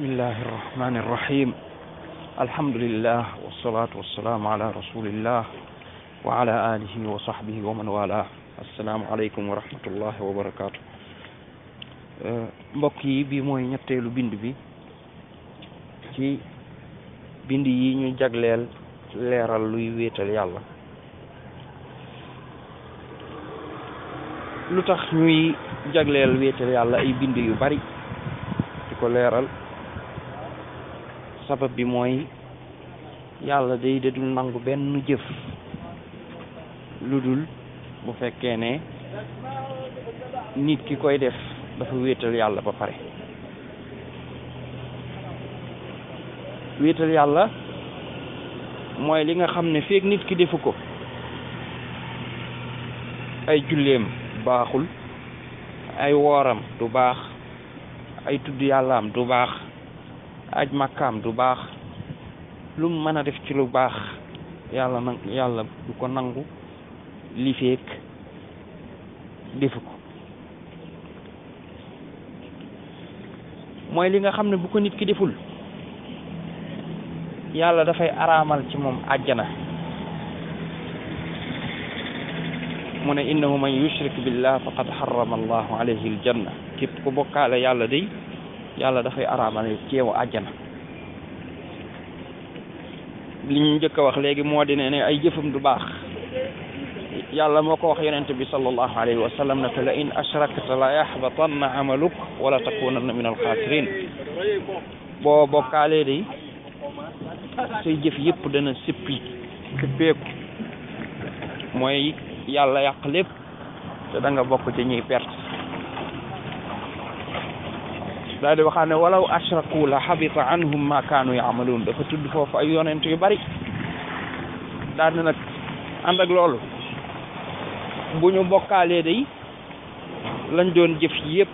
bismillahi irrahmani irrahim alhamdulillah wassalatu wassalaamu ala rasulillah wa ala alihi wa sahbihi wa man wala assalaamu aleykum wa rahmatullahi wa barakatu eh, mbokk yi bi mooy ñetteelu bind bi ci bind yi ñu jagleel leeral luy wéetal yàlla lu tax ñuy jagleel wéetal yàlla ay bind yu bari di ko leeral sabab bi mooy yàlla day dadul nangu benn jëf lu dul bu fekkee ne nit ki koy def dafa wéetal yàlla ba pare wéetal yàlla mooy li nga xam ne feek nit ki defu ko ay julleem baaxul ay wooram du baax ay tudd yàllaam du baax aj màkkaam du baax lu mu mën a def ci lu baax yàlla nag yàlla du ko nangu li feek defu ko mooy li nga xam ne bu ko nit ki deful yàlla dafay araamal ci moom àjjana mu ne innahu man yushrik billah faqad harrama allahu alayhi aljanna képp ku bokkaale yàlla day yàlla dafay araamal ceewu àjjana li ñu njëkk a wax léegi moo di ne ne ay jëfam du baax yàlla moo ko wax yonent bi sallallahu alayhi wa sallam naka la in ashrakta la yaxbatanna amaluk wala takunanna min alxaasirin boo bokkaalee di say jëf yëpp dana sippi sippeeku mooy yàlla yàq lépp te da nga bokk ci ñuy perte daal di waxaat ne walaw ashraku la xabita anhum ma kaanu yaamaluun dafa tudd foofu yonent yu bari daal di nag ànd ak loolu bu ñu bokkaalee day lañ doon jëf yépp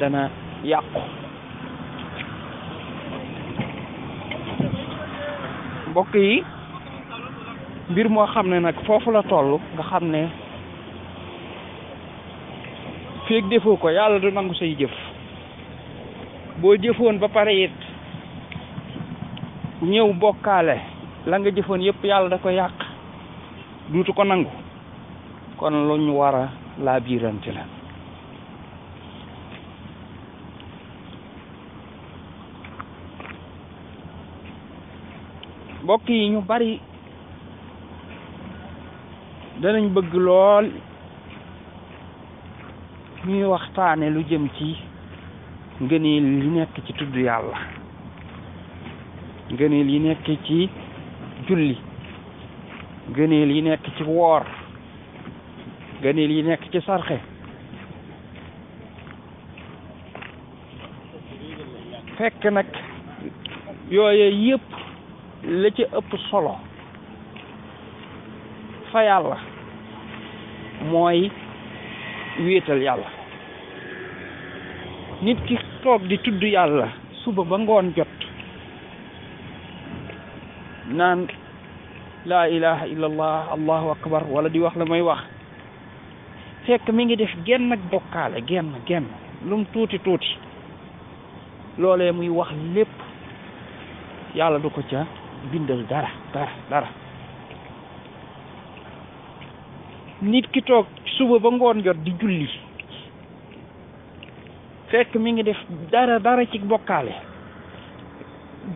dana yàqu mbokk yi mbir moo xam ne nag foofu la toll nga xam ne feeg defoo ko yàlla du nangu say jëf boo jëfoon ba pare ñëw bokkaale la nga jëfoon yépp yàlla da ko yàq dutu ko nangu kon lu ñu war a laa biirante la mbokk yi ñu bari danañ bëgg lool ñuy waxtaane lu jëm ci ngëneel yi nekk ci tudd yàlla ngëneel yi nekk ci julli ngëneel yi nekk ci woor ngëneel yi nekk ci sarxe fekk nag yooy yépp la ci ëpp solo fa yàlla mooy wéetal yàlla nit ki toog di tudd yàlla suba ba ngoon jot naan laa ilaha illallah allahu akbar wala di wax la may wax fekk mi ngi def genn ak bokkaale genn genn lum tuuti tuuti loolee muy wax lépp yàlla du ko ca bindal dara dara dara nit ki toog suba ba ngoon jot di julli fekk mi ngi def dara dara ci bokkaale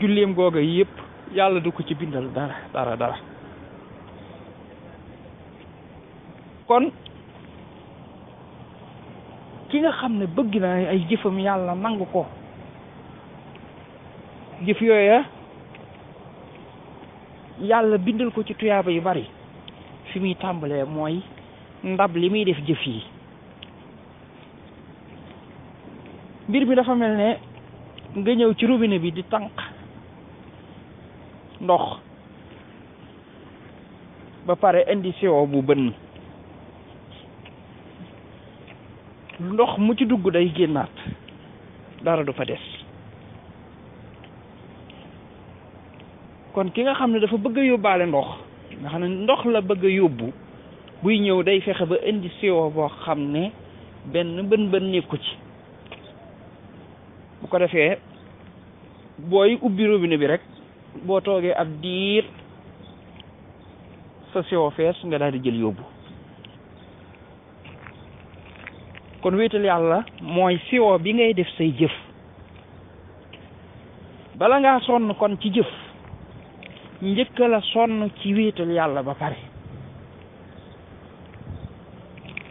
julleem googa yépp yàlla du ko ci bindal dara dara dara kon ki nga xam ne bëgg naa ay jëfam yàlla nangu ko jëf yooya yàlla bindal ko ci tuyaaba yu bari fi muy tàmbalee mooy ndab li muy def jëf yi mbir mi dafa mel ne nga ñëw ci robinet bi di tànq ndox ba pare indi siwo bu bënn ndox mu ci dugg day génnaat dara du fa des kon ki nga xam ne dafa bëgg a yóbbaale ndox nga xam ndox la bëgg yóbbu buy ñëw day fexe ba indi siwo boo xam ne benn bën bën nekku ci bu ko defee booy ubbi robinet bi rek boo toogee ab diir sa sewo fees nga daal di jël yóbbu kon wéetal yàlla mooy siwo bi ngay def say jëf bala ngaa sonn kon ci jëf njëkk la sonn ci wéetal yàlla ba pare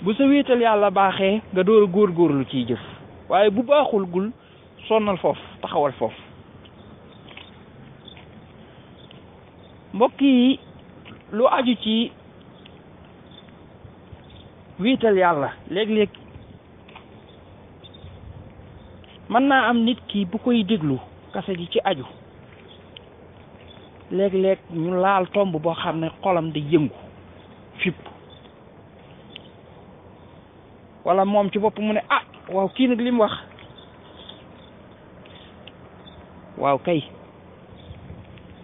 bu sa wéetal yàlla baaxee nga door a góorgóorlu ciy jëf waaye bu baaxul gul sonnal foofu taxawal foofu mbokk yi lu aju ci wiital yàlla léeg-léeg mën naa am nit ki bu koy déglu kase ji ci aju léeg-léeg ñu laal tomb boo xam ne xolam di yëngu fipp wala moom ci bopp mu ne ah waaw kii nag li wax waaw kay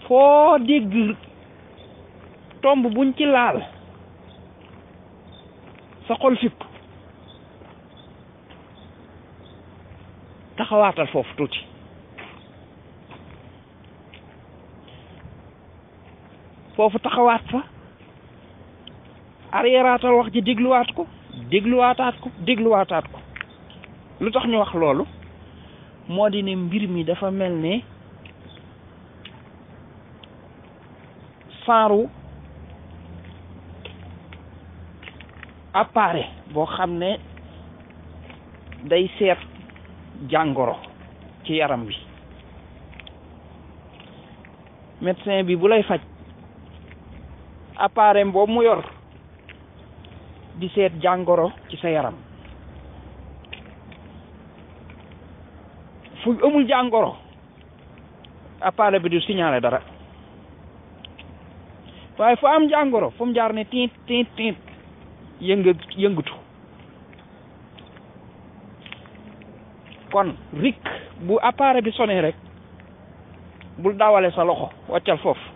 foo dégg tomb buñ ci laal sa xol fipp taxawaatal foofu tuuti foofu taxawaat fa arriéraatal wax ji dégluwaat ko dégluwaataat ko dégluwaataat ko lu tax ñu wax loolu moo di ne mbir mi dafa mel ne saaru appareil boo xam ne day seet jàngoro ci yaram bi médecin bi bu lay faj appareil boobu mu yor di seet jàngoro ci sa yaram fu amul jàngoro appareil bi du signaler dara waaye fu am jàngoro fu mu jaar ne tiit tiit tiit yënga yëngatu kon rik bu appareil bi sonné rek bu dawale sa loxo woccal foofu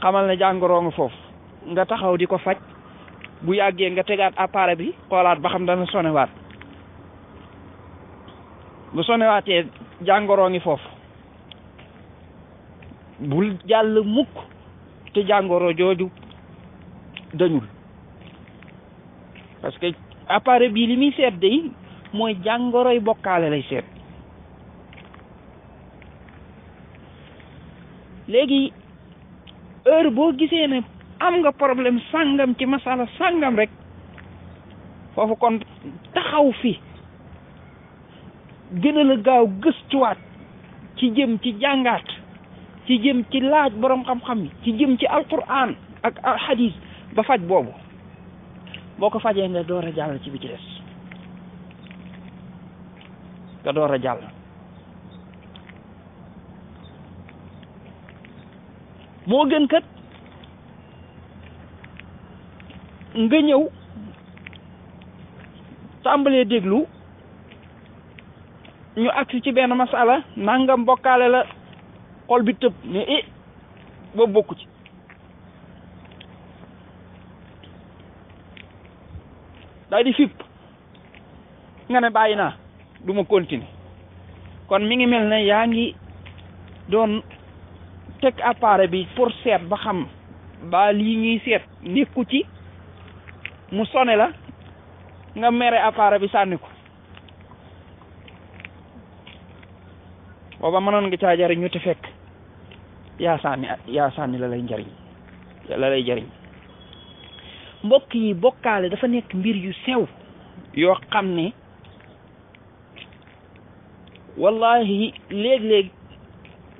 xamal ne jàngoroo nga foofu nga taxaw di ko faj bu yàggee nga tegaat appareil bi xoolaat ba xam dana sonné waat bu sonewaatee jàngoroo ngi foofu bul jàll mukk te jàngoro jooju dañul parce que appareil bii li muy seet day mooy jàngoroy bokkaale lay seet léegi heure boo gisee ne am nga problème sàngam ci masala sàngam rek foofu kon taxaw fi gën a la gaaw gëstuwaat ci jëm ci jàngaat ci jëm ci laaj boroom xam-xam yi ci jëm ci alquran ak alxadis ba faj boobu boo ko fajee nga door a jàll ci bi ci nga door a jàll moo gën kat nga ñëw tàmbalee déglu ñu agsi ci benn masala nangam mbokkaale la xol bi tëb mais i eh, boobu bokku ci daal di fipp nga ne bàyyi naa du ma continuer kon mi ngi mel ne yaa ngi doon teg appareil bi pour seet ba xam ba lii ñuy seet nekku ci mu sone la nga mere appareil bi sànni ko booba mënoon nga caa jariñu te fekk yaa sànni la lay njariñ la lay jariñ mbokk yi bokkaale dafa nekk mbir yu sew yoo xam ne wallahi léeg-léeg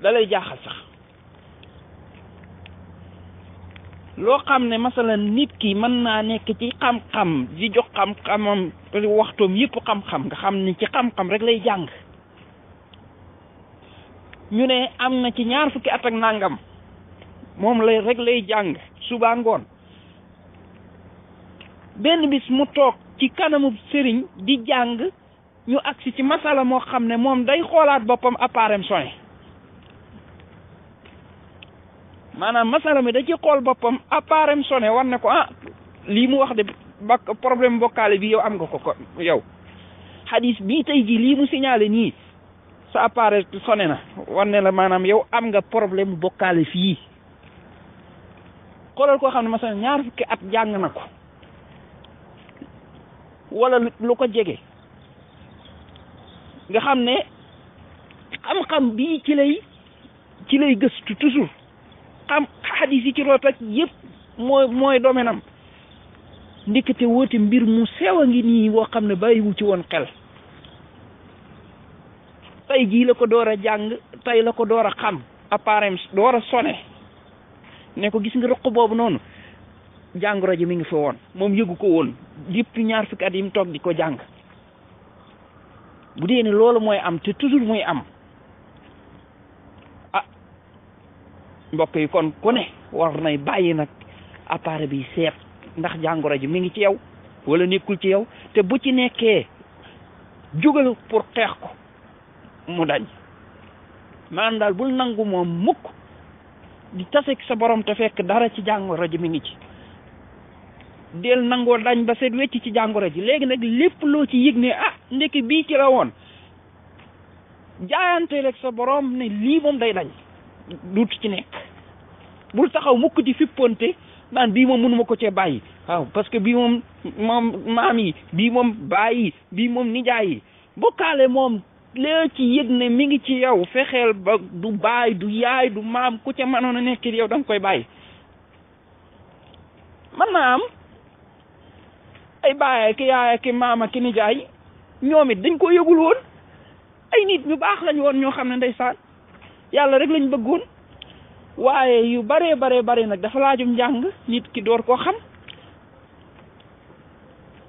da lay jaaxal sax loo xam ne masalan nit ki mën naa nekk ci xam-xam di jox xam-xamam waxtoom yëpp xam-xam nga xam ne ci xam-xam rek lay jàng ñu ne am na ci ñaar fukki at ak nangam moom lay rek lay jàng suba ngoon benn bis mu toog ci kanamu sëriñ di jàng ñu agsi ci masala moo xam ne moom day xoolaat boppam apparem soné maanaam masala mi da ci xool boppam apparem soné war ne ko ah lii mu wax de ba problème mbokkaale bi yow am nga ko ko yow xadis bii tey ji lii mu signalé nii sa appareil sone na wane la maanaam yow am nga problème bokkaale fii xoolal koo xam ne masalan ñaar fukki at jàng na ko wala lu ko jege nga xam ne xam-xam bii ci lay ci lay gëstu toujours xam xadis yi ci root ak yëpp mooy mooy domaine am ndekete woote mbir mu sew a ngi nii woo xam ne bàyyiwu ci woon xel tey jii la ko door a jàng tey la ko door a xam apparem door a sone ne ko gis nga roq boobu noonu jàngoro ji mi ngi fi woon moom yëgu ko woon yëpp ñaar fukki at yi mu toog di ko jàng bu dee ne loolu mooy am te toujours muy am ah mbokk yi kon ku ne war nay bàyyi nag appareil bi seet ndax jàngoro ji mi ngi ci yow wala nekkul ci yow te bu ci nekkee jógal pour xeex ko mu dañ maanaam daal bul nangu moom mukk di taseeg sa borom te fekk dara ci jàngoro ji mi ngi ci del nangoo dañ ba seet wecc ci jàngoro ji léegi nag lépp loo ci yëg ne ah ndekki bii ci la woon jaayanteel sa boroom ne lii moom day dañ duut ci nekk bul taxaw mukk di fipponte naan bii moom mënuma ko cee bàyyi waaw parce que bii moom moom maam yi bii moom baay yi bii moom nijaay yi bokkaale moom léegi ci yëg ne mi ngi ci yow fexeel ba du baay du yaay du maam ku ca mënoon a nekk yow da nga koy bàyyi mën naa am ay baay ki yaay ki maama ki nijaay ñoom it dañ ko yëgul woon ay nit ñu baax lañ woon ñoo xam ne ndeysaan yàlla rek lañ bëggoon waaye yu baree bare bare nag dafa laajum njàng nit ki door koo xam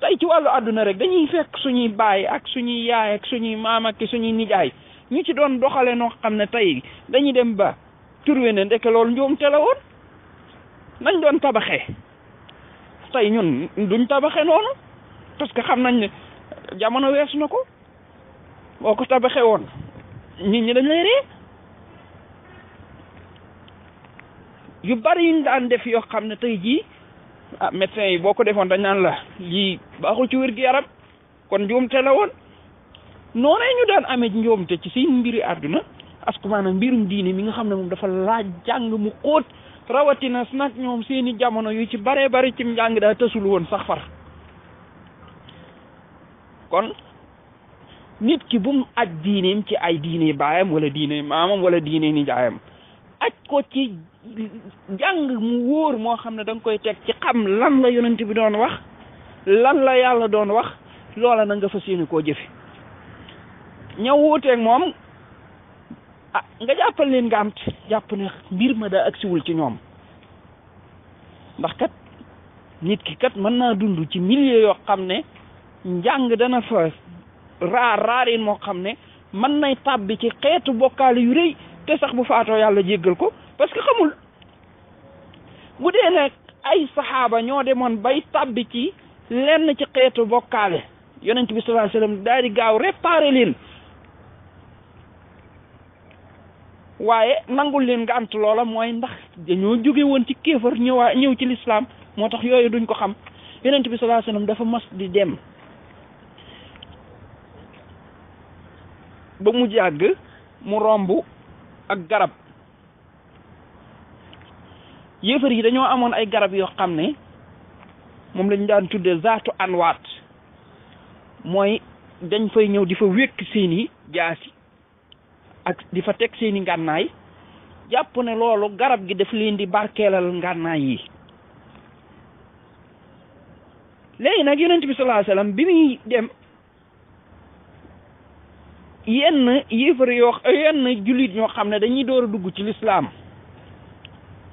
tey ci wàllu àdduna rek dañuy fekk suñuy baay ak suñuy yaay ak suñuy maam suñuy nijaay ñu ci doon doxale noo xam ne tey dañuy dem ba turwe ne ndeke loolu njuumte la woon nañ doon tabaxe tey ñun duñ tabaxe noonu parce que xam nañ ne jamono weesu na ko boo ko tabaxe woon nit ñi dañ lay yu bari yuñ daan def yoo xam ne tey jii ah médecin yi boo ko defoon dañ naan la lii baaxul ci wér gi yaram kon njuumte la woon noonee ñu daan amee njuumte ci seen mbiri àdduna asku maanaam mbirum diine mi nga xam ne moom dafa laaj jàng mu xóot rawatina nag ñoom seeni jamono yu ci baree bari ci njàng daa tësul woon sax far kon nit ki bu mu aj diineem ci ay diine baayam wala diine maamam wala diine nijaayam aj ko ci jàng mu wóor moo xam ne da koy teg ci xam lan la yonent bi doon wax lan la yàlla doon wax loola na fa fas yéene koo jëfe ñaw wuuteeg moom ah nga jàppal leen nga am jàpp ne mbir ma daa agsiwul ci ñoom ndax kat nit ki kat mën naa dund ci milieu yoo xam ne njàng dana fa raar raarin moo xam ne mën nay tàbbi ci xeetu bokkaale yu rëy te sax bu faatoo yàlla jéggal ko parce que xamul bu dee nag ay saxaaba ñoo de man bay tàbbi ci lenn ci xeetu bokkaale yonent bi sallallahu alayhi wasallam daal di leen waaye nangul leen nga loola mooy ndax dañoo jóge woon ci kéefar ñëwaa ñëw ci lislaam moo tax yooyu duñ ko xam yonent bi sallallahu alayhi wasallam dafa mas di dem ba mu jàgg mu romb ak garab yéefar yi dañoo amoon ay garab yoo xam ne moom lañu daan tuddee zaatu anwaat mooy dañ fay ñëw di fa wékk seeni jaasi ak di fa teg seeni ngànnaay jàpp ne loolu garab gi daf leen di barkeelal ngànnaay yi léegi nag yonent bi sallallahu alayhi bi muy dem yenn yéefar yoo yenn jullit ñoo xam ne dañuy door a dugg ci lislaam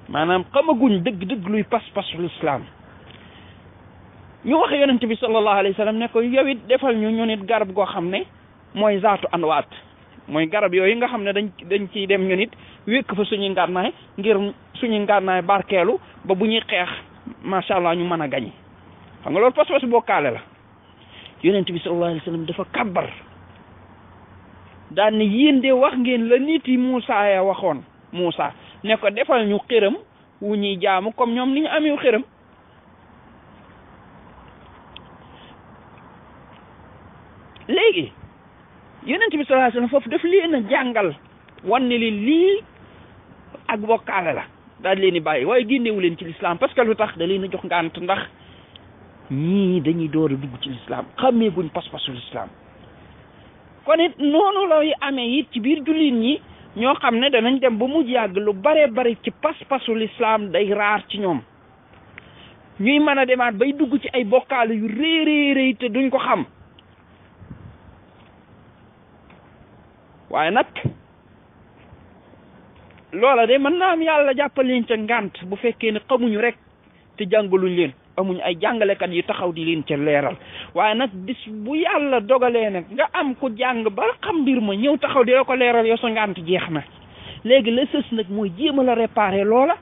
maanaam xamaguñ dëgg-dëgg luy pas-pasu lislaam ñu wax yonent bi sallallahu alayhi wa sallam ne ko yow it defal ñu ñu nit garab goo xam ne mooy zaatu anwaat mooy garab yooyu nga xam ne dañ dañ ciy dem ñu nit wékk fa suñuy ngànnaay ngir suñuy ngànnaay barkeelu ba bu ñuy xeex macha allah ñu mën a gañe xam nga loolu pas-pas bokkaale la yonent bi sallallahu alayhi wa dafa kàbbar daan ne yéen de wax ngeen la nit yi Moussa ya waxoon Moussa ne ko defal ñu xëram wu ñuy jaamu comme ñoom li ñu amee xëram léegi yonent bi sallallahu alayhi wasallam foofu daf leen jàngal wan ne leen lii ak bokkaale la daal leen di bàyyi waaye génnewu leen ci lislaam parce que lu tax daleen leen a jox ngànt ndax ñii dañuy door a dugg ci lislaam xàmmee guñ pas-pasu lislaam kon it noonu lay amee it ci biir jullit ñi ñoo xam ne danañ dem ba mu yàgg lu bare bari ci pas-pasu lislaam day raar ci ñoom ñuy mën a demaat bay dugg ci ay bokkaale yu réy réy te duñ ko xam waaye nag loola de mën naa am yàlla jàppal leen ca ngànt bu fekkee ne xamuñu rek te jàngaluñ leen amuñ ay jàngalekat yu taxaw di leen ca leeral waaye nag bis bu yàlla dogalee nag nga am ku jàng ba xam mbir ma ñëw taxaw di la ko leeral yow sa ngànt jeex na léegi la sës nag mooy jéem a la réparé loola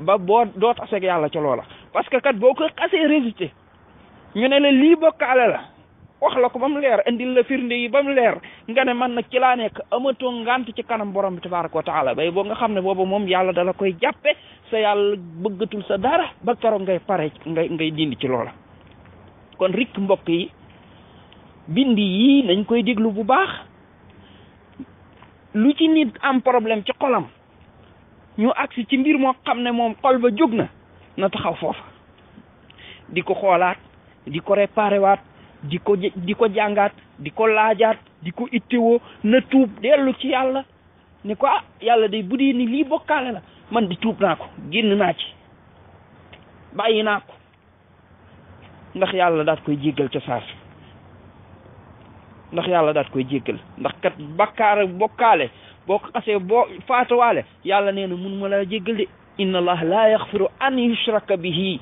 ba boo doo taseeg yàlla ca loola parce que kat boo ko xasee résulté ñu ne la lii bokkaale la wax la ko ba mu leer indil la firnde yi ba mu leer nga ne man nag ci laa nekk amatoo ngant ci kanam borom bi tabaaraka wa taala bay boo nga xam ne boobu moom yàlla dala koy jàppe sa yàlla bëggatul sa dara ba keroog ngay pare ngay ngay dindi ci loola kon rick mbokk yi bind yii nañ koy déglu bu baax lu ci nit am problème ci xolam ñu agsi ci mbir moo xam ne moom xol ba jóg na na taxaw foofa di ko xoolaat di ko réparé di ko di ko jàngaat di ko laajaat di ko ittewoo na tuub dellu ci yàlla ni ko ah yàlla de bu dee ni lii bokkaale la man di tuub naa ko génn naa ci bàyyi naa ko ndax yàlla daat koy jéggal ca saas ndax yàlla daat koy jéggal ndax kat bakkaar bokkaale boo ko xasee boo faatuwaale yàlla nee na mun ma laa jéggal de inna allah laa yaxfiru an yushraka bihi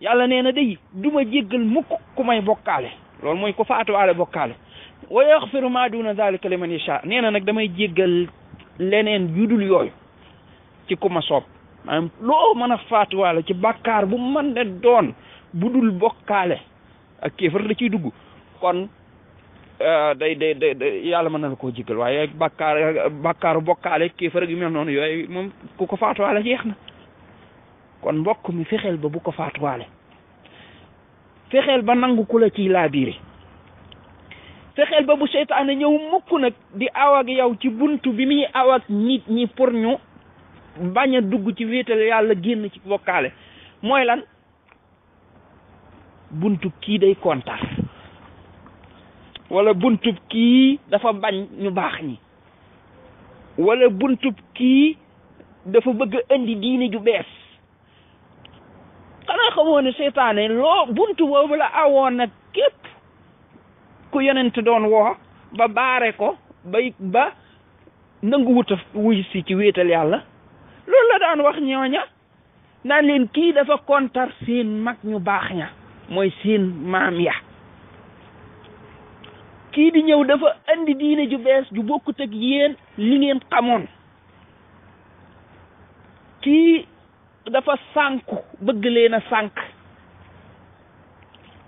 yàlla nee na day du ma jéggal mukk ku may bokkaale loolu mooy ko faatuwaale bokkaale wa yaxfiru ma duna dalika liman yasha nee na nag damay jéggal leneen judul yooyu ci ku ma soob maanaam loo mën a faatuwaale ci bàkkaar bu mën ne doon bu dul bokkaale ak kéefar da ciy dugg kon euh, day day day yàlla mën na la koo jéggal waaye bàkkaar bàkkaaru bokkaale kéefar ak yu mel noonu yooyu moom ku ko faatuwaale jeex na kon mbokk mi fexeel ba bu ko faatuwaale fexeel ba nangu ku la ciy laabiire fexeel ba bu seytaane ñëw mukk nag di aw ak ci buntu bi muy aw ak nit ñi ñu bañ a dugg ci wéetal yàlla génn ci bokkaale mooy lan buntub kii day kontaan walla buntub kii dafa bañ ñu baax ñi walla buntub kii dafa bëgg a indi diine ju bees xanaa xamoo ne seytaane loo buntu boobu la awoon nag képp ku yonent doon woo ba baare ko bay ba nangu wuta ci wéetal yàlla loolu la daan wax ñooña naan leen kii dafa kontar seen mag ñu baax ña mooy seen maam ya kii di ñëw dafa andi diine ju bees ju bokkut ak yéen li ngeen xamoon kii dafa sànku bëgg leen a sànk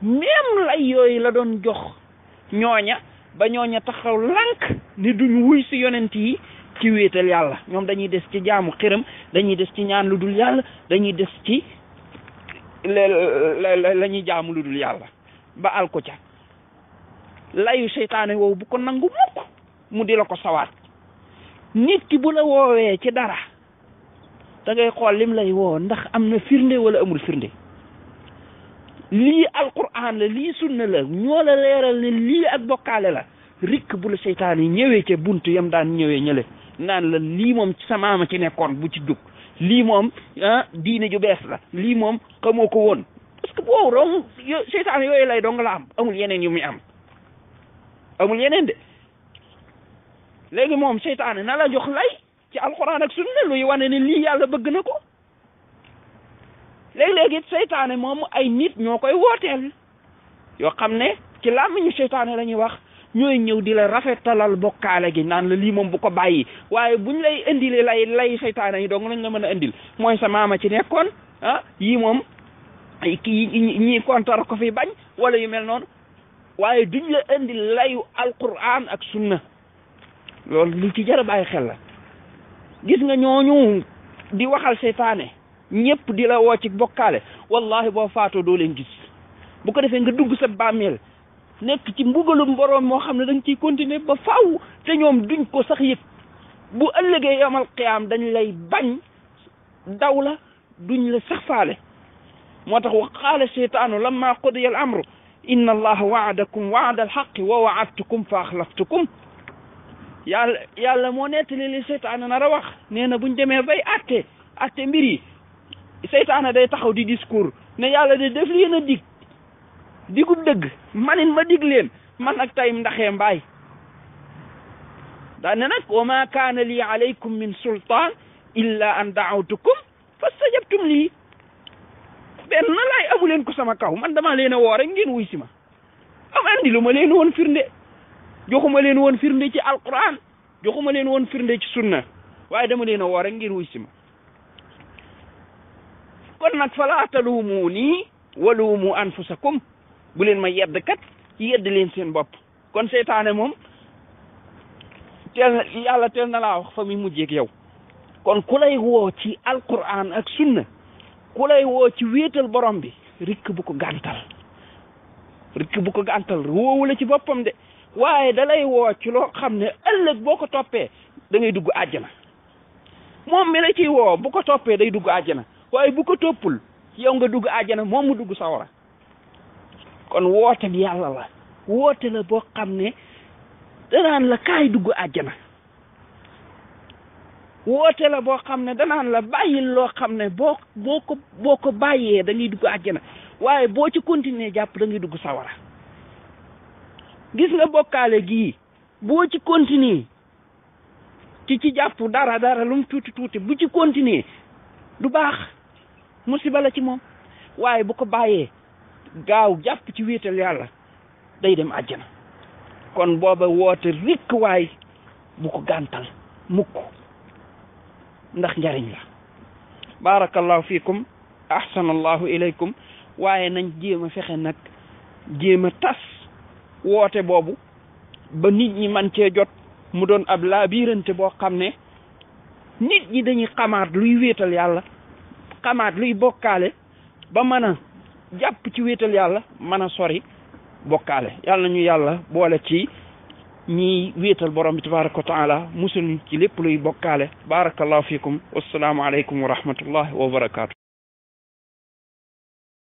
même lay yooyu la doon jox ñooña ba ñooña taxaw lank ni duñ wuy si yonent yi ci wéetal yàlla ñoom dañuy des ci jaamu xiram dañuy des ci ñaan lu dul yàlla dañuy des ci la ñuy jaamu lu dul yàlla ba al ca layu seytaane woowu bu ko nangu mukk mu di la ko sawaat nit ki bu la woowee ci dara da ngay xool lim lay woo ndax am na firnde wala amul firnde lii alquran la lii sunna la ñoo la leeral ne lii ak bokkaale la rikk bu la seytaane yi ñëwee ca bunt yam daan ñëwee ñële naan la lii moom sa a ci nekkoon bu ci dugg lii moom ah diine ju bees la lii moom xamoo ko woon parce que boobu dong yo seytaan yooyu lay dong la am amul yeneen yu muy am amul yeneen de léegi moom seytaane na la jox lay ci alxuraan ak sunna luy wane ne lii yàlla bëgg na ko léeg-léeg it seytaane moom ay nit ñoo koy wooteel yoo xam ne ci làmmiñu seytaane la ñuy wax ñooy ñëw di la rafetalal bokkaale gi naan la lii moom bu ko bàyyi waaye buñ lay indilee lay lay seytaane yi dong lañu la mën a indil mooy sa maama ci nekkoon ah yii moom kii ñii kontar ko fi bañ wala yu mel noonu waaye duñ la indil layu alquran ak sunna loolu lu ci jar a xel la gis nga ñooñu di waxal seytaane ñëpp di la woo ci bokkaale wallahi boo faatoo doo leen gis bu ko defee nga dugg sa bàmmeel nek ci mbugalum borom mo xamne dañ ciy continuer ba faaw te ñoom duñ ko sax yëg bu ëllëgé yamal qiyam dañ lay bañ dawla duñ la sax faale motax wa qala shaytanu lamma qudiya al amru inna allaha waadakum waada alxaqi wa waadtukum fa axlaftukum yàlla yàlla moo nettali li seytaane nar a wax nee na buñ demee bay atte atte mbir yi seytaane day taxaw di discours ne yàlla de def li yéen a digub dëgg manin ma dig leen man ak tayim ndaxee mbaay daa ne nag wa ma kaana lii alaykum min sultaan illa an daawtukum fastajabtum lii benn laay amu leen ko sama kaw man dama leen a woo rek ngeen wuy si ma am andi lu ma leen woon firnde joxuma leen firnde ci alquran joxuma leen woon firnde ci sunna waaye dama leen a woo rek ngeen wuy si ma kon nag falaa taluumuu waluumu anfusakum bu leen ma yedd kat yedd leen seen bopp kon seytaane moom teel yàlla teel na laa wax fa muy yow kon ku lay woo ci alquran ak sunna ku lay woo ci wéetal borom bi rikk bu ko gàntal rikk bu ko gàntal woowu la ci boppam de waaye dalay lay woo ci loo xam ne ëllëg boo ko toppee dangay dugg àjjana moom mi la ciy woo bu ko toppee day dugg àjjana waaye bu ko toppul yow nga dugg àjjana moom mu dugg sawara kon woote bi yàlla la woote la boo xam ne danaan la kaay dugg àjjana woote la boo xam ne danaan la bàyyil loo xam ne boo boo ko boo ko bàyyee da ngay dugg àjjana waaye boo ci continuer jàpp dangay dugg sawara gis nga bokkaale gii boo ci continuer ci ci jàpp dara dara lu mu tuuti tuuti bu ci continuer du baax musiba bala ci moom waaye bu ko bàyyee gaaw jàpp ci wéetal yàlla day dem àjjana kon booba woote rikk waay bu ko gàntal mukk ndax njariñ la barakallahu fiikum ahsanallahu ilaykum waaye nañ jéem a fexe nag jéem a tas woote boobu ba nit ñi man cee jot mu doon ab laabirante boo xam ne nit ñi dañuy xamaat luy wéetal yàlla xamaat luy bokkaale ba mën jàpp ci wéetal yàlla mën a sori bokkaale yàlla nañu yàlla boole ci ñiy wéetal borom bi tabaraka wa taala musul ci lépp luy bokkaale barakallahu fiikum wassalaamu aleykum wa rahmatullahi wa barakaatu